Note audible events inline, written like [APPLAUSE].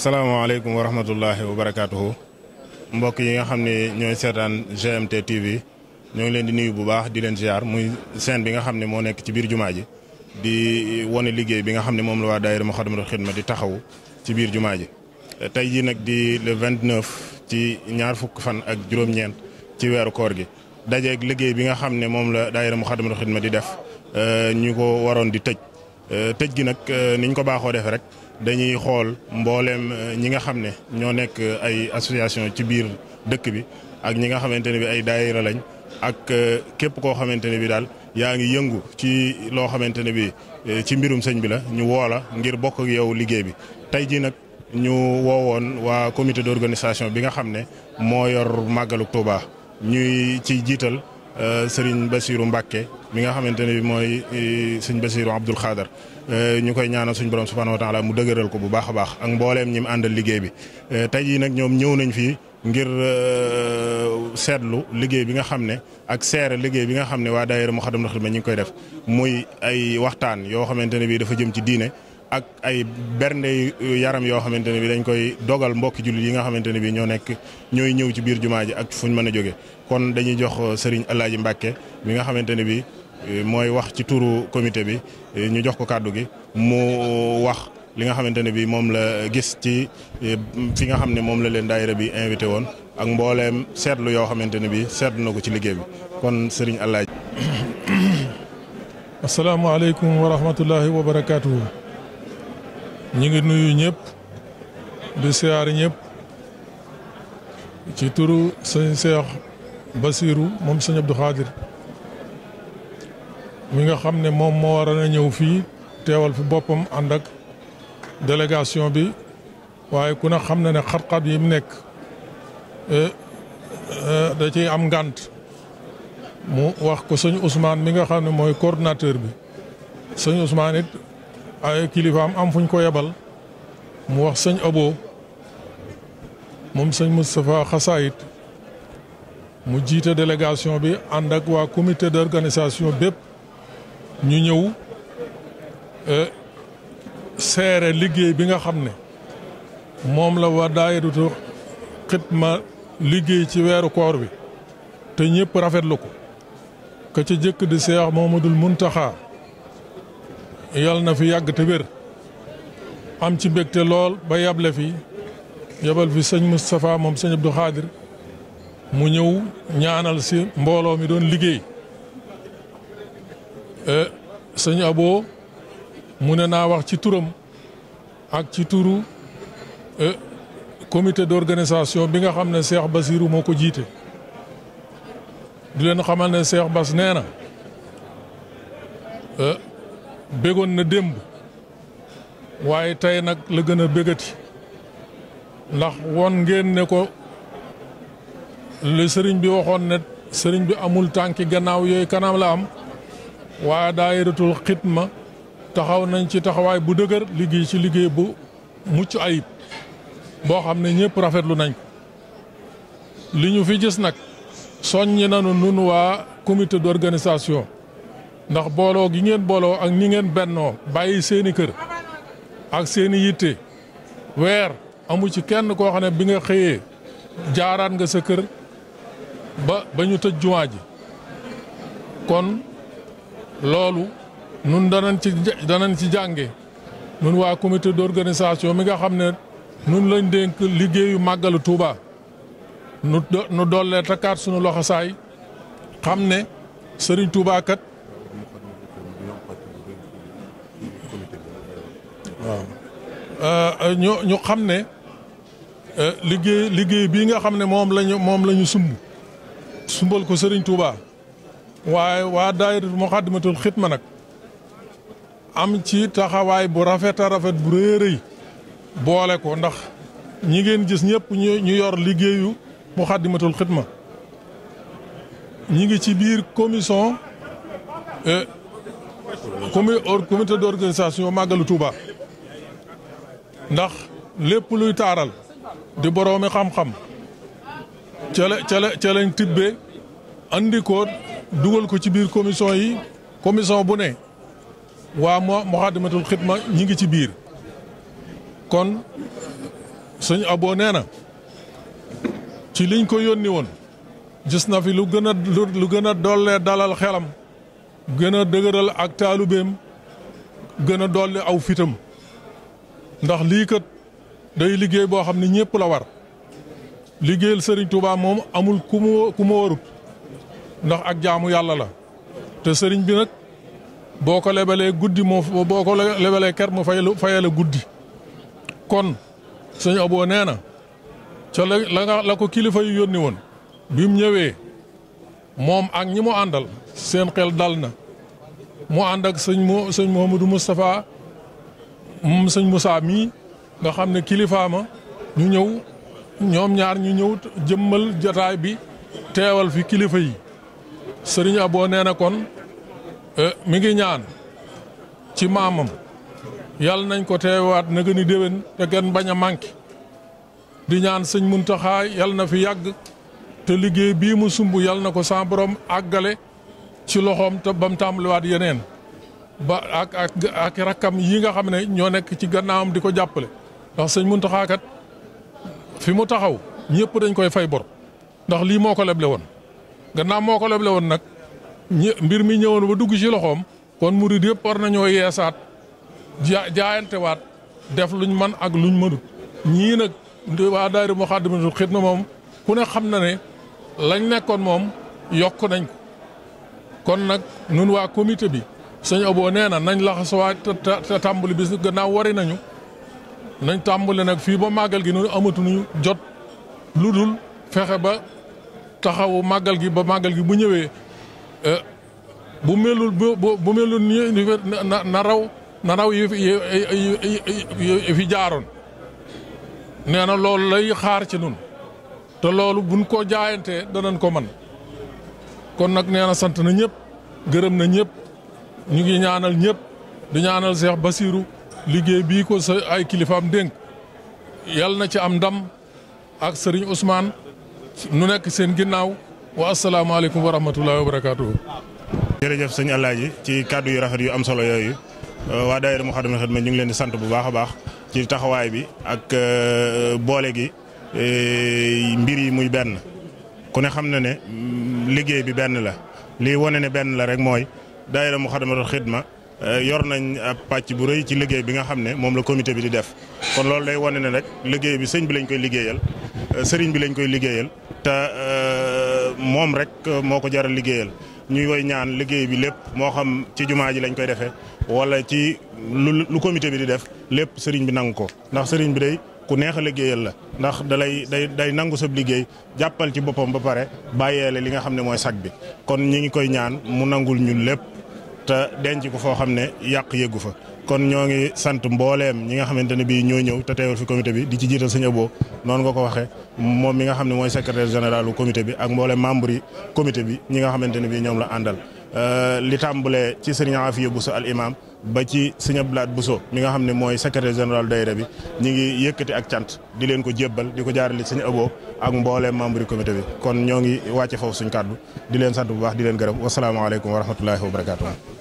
salaamaaleykum wa rahmatullahi wa barakaatuhu mbokk yi nga xam ne ñooy seetaan GMT TV ñoo ngi leen di nuyu bu baax di leen ziar muy seen bi nga xam ne moo nekk ci biir jumaa ji di wane liggéey bi nga xam ne moom la waa daayira Moukhaddamatoul Khidma di taxaw ci biir jumaa ji tey jii nag di le 29 ci ñaar fukk fan ak juróom ci weeru koor gi dajeeg liggéey bi nga xam ne moom la daayira Moukhaddamatoul Khidma di def eh, ñu ko waroon di tëj eh, tëj gi nag eh, niñ ko baaxoo defee rek dañuy xool mbooleem euh, ñi nga xam ne ñoo nekk euh, ay association ci biir dëkk bi ak ñi nga xamante ne bi ay daayira lañ ak euh, képp koo xamante ne bi daal yaa ngi yëngu ci loo xamante ne bi ci mbirum sëñ bi la ñu woola ngir bokk ak yow liggéey bi tey jii nag ñu woowoon waa comité organisation bi nga xam ne moo yor màggalu Touba ñuy ci jiital Serigne Bassirou Mbacké mi nga xamante ne bi mooy Serigne Bassirou Abdoul xadar Euh, ñu koy ñaanal suñu borom subhanahu wa taala mu dëgëral ko bu baax a baax ak mbooleem ñi mu àndal liggéey bi euh, tey jii nag ñoom ñëw nañ fii ngir euh, seetlu liggéey bi nga xam ne ak seere liggéey bi nga xam ne waa daayira Moukhaddamatoul Khidma ñi ngi koy def muy ay waxtaan yoo xamante ne bii dafa jëm ci diine ak ay bernde yaram yoo xamante ne bii dañ koy dogal mbokki jullit yi nga xamante ne bii ñoo nekk ñooy ñëw ci biir jumaa ji ak fuñ mën a jóge kon dañuy jox sëriñ Alaaji Mbàkke bi nga xamante ne bii mooy wax ci turu comité bi ñu jox ko kàddu gi mu wax li nga xamante ne bi moom la gis ci fi nga xam ne moom la leen daayira bi invité woon ak mbooleem seetlu yoo xamante ne bi seetlu na ko ci liggéey bi kon sëriñ Alaaji [COUGHS] asalaamaaleykum wa rahmatullahi wa barakaatuhu ñu ngi nuyu ñëpp di siyaar ñëpp ci turu sëñ Seex Basiiru moom sëñ Abdou Xaadir mi nga xam ne moom moo waroon a ñëw fii teewal fi boppam ànd ak délégation bi waaye ku ne xam na ne xat-xat yi mu nekk eh, eh, da ciy am ngànt mu wax ko sëñ Ousmane mi nga xam ne mooy coordinateur bi sëñ Ousmane it ay kilifaam am fuñ ko yebal mu wax sëñ Abo moom sëñ Moustapha Xasaayit mu jiite délégation bi ànd ak waa comité d'organisation bépp ñu ñëw e, seere liggéey bi nga xam ne moom la waa daayiratu xidma liggéey ci weeru koor bi te ñëpp rafetlu ko ka ca jëkk di Seex Muhammadul Muntaxa yal na fi yàgg te wér am ci mbégte lool ba yable fi yabal fi sëñ Moustapha moom sëñ Abdou Khadir mu ñëw ñaanal si mbooloo mi doon liggéey E, sëñ Abo mu ne naa wax ci turam ak ci turu e, comité d'organisation bi nga xam ne Cheikh Basirou moo ko jiite di leen xamal ne Cheikh Bas nee na e, bégoon na démb waaye tey nag la gën a bégati ndax won ngeen ne ko li sëriñ bi waxoon ne sëriñ bi amul tànki gannaaw yooyu kanam la am waa daayiratul xidma taxaw nañ ci taxawaay bu dëgër liggéey ci liggéey bu mucc ayib boo xam ne ñëpp rafetlu nañ li ñu fi gis nag soññi nañu nun waa comité d'organisation ndax booloo gi ngeen booloo ak ni ngeen bennoo bàyyi seeni kër ak seeni yitte weer amu ci kenn koo xam ne bi nga xëyee jaaraat nga sa kër ba ba ñu tëj jumaa ji loolu nun danañ ci danañ ci jànge nun waa comité d'organisation mi nga xam ne nun lañ dénk liggéeyu màggalu Touba nu nu dollee takkaat sunu loxo saay xam ne sëriñ Touba kat waaw euh, ñu xam ne euh, liggéey liggéey bii nga xam ne moom lañu moom la ñu sumb sumbal ko sëriñ Touba waaye waa daayiratu Muxaddamatul Xidma nag am ci taxawaay bu rafet rafet bu rëy a rëy boole ko ndax ñi ngeen gis ñëpp ñu yor liggéeyu Muxaddamatul Xidma ñi ngi ci biir commission eh, comité d'organisation màggalu Touba ndax lépp luy taaral di boroomi xam-xam ca la ca la ca dugal ko ci biir commission yi commission bu ne waa mo Moukhaddamatoul Khidma ñi ngi ci biir kon sëñ Abo nee na ci liñ ko yónni woon gis na fi lu gën a lu gën a dollee dalal xelam gën a dëgëral ak taalubeem gën a dolli aw fitam ndax lii kat day liggéey boo xam ne ñépp la war liggéeyal Serigne Touba moom amul ku mu ku mu warut ndax ak jaamu yàlla la te sëriñ bi nag boo ko lebalee guddi moo boo ko lebalee ker mu fay fayal guddi kon sëñ Abo nee na ca la nga la ko kilifa yu yónni woon bi mu ñëwee moom ak ñi mu àndal seen xel dal na mu ànd ak sëñ mu sëñ Mouhamadou Moustapha moom sëñ Moussa mii nga xam ne kilifaama ñu ñëw ñoom ñaar ñu ñëw jëmmal jataay bi teewal fi kilifa yi sëriñ Abo nee na kon eh, mi ngi ñaan ci maamam yàlla nañ ko teewaat na gën a déwén te kenn bañ a manqué di ñaan sëñ Muntaxa yàlla na fi yàgg te liggéey bii mu sumb yàlla na ko sa borom àggale ci loxoom te ba mu yeneen ba ak ak ak rakkam yi nga xam ne ñoo nekk ci gannaawam di ko jàppale ndax sëñ Muntaxa kat fi mu taxaw ñëpp dañ koy fay bor ndax lii moo ko leble woon. gannaaw moo ko leble woon nag mbir mi ñëwoon ba dugg ci loxoom kon murid yëpp war nañoo yeesaat jaayantewaat def luñ man ak luñ mënut ñii nag waa daayira Moukhaddamatoul Khidma moom ku ne xam na ne lañ nekkoon moom yokk nañ ko kon nag nun waa comité bi sëñ Abo nee na nañ laxasuwaat te tàmbali bi gannaaw wari nañu nañ tàmbali nag fii ba màggal gi nun amatuñu jot lu dul fexe ba taxawu màggal gi ba màggal gi bu ñëwee eh, bu melul bu melul nii na raw na raw yi fi fi jaaroon nee na loolu lay xaar ci nun te loolu buñ koo jaayantee danañ ko man kon nag nee na sant na ñëpp gërëm na ñëpp ñu ngi ñaanal ñëpp di ñaanal Seex Basiiru liggéey bii ko sa ay kilifaam dénk yal na ci am ndam ak Sëriñ Ousmane nu nekk seen ginnaaw wa asalaamaaleykum wa rahmatullahi wa barakaatu. jërëjëf sëñ Alaaji ci kàddu yu rafet yu am solo yooyu euh, waa daayira Moukhaddamatoul Khidma ñu ngi leen di sant bu baax a baax ci taxawaay bi ak euh, boole gi euh, mbir yi muy benn ku ne xam na ne mm, liggéey bi benn la lii wane ne benn la rek mooy daayira Moukhaddamatoul Khidma yor nañ ab pàcc bu rëy ci liggéey bi nga xam ne moom la comité bi di def kon loolu day wone ne rek liggéey bi sëñ bi lañ koy liggéeyal sëriñ bi lañ koy liggéeyal te euh, moom rek moo ko jaral liggéeyal ñuy woy ñaan liggéey bi lépp moo xam ci jumaa ji lañ koy defee wala ci lu lu ko comité bi di def lépp sëriñ bi nangu ko ndax sëriñ bi day ku neex a liggéeyal la ndax dalay day day nangu sab liggéey jàppal ci boppam ba pare bàyyeele li nga xam ne mooy sag bi kon ñu ngi koy ñaan mu nangul ñun lépp te denc ko foo xam ne yàq yëggu fa kon ñoo ngi sant mbooleem ñi nga xamante ne bii ñoo ñëw te teewal fi comité bi di ci jiital sëñ Abo noonu nga ko waxee moom mi nga xam ne mooy secrétaire général u comité bi ak mbooleem membre yi comité bi ñi nga xamante ne bii ñoom la àndal euh, li tàmbalee ci sëriñ Afiya Bousso al imam ba ci sëñ Abdoulaye Bousso mi nga xam ne mooy secrétaire général daayira bi ñi ngi yëkkati ak cant di leen ko jébbal di ko jaarale sëñ Abo ak mbooleem membre yi comité bi kon ñoo ngi wàcce foofu suñ kàddu di leen sant bu baax di leen gërëm wasalaamaaleykum wa rahmatullahi wa barakatuh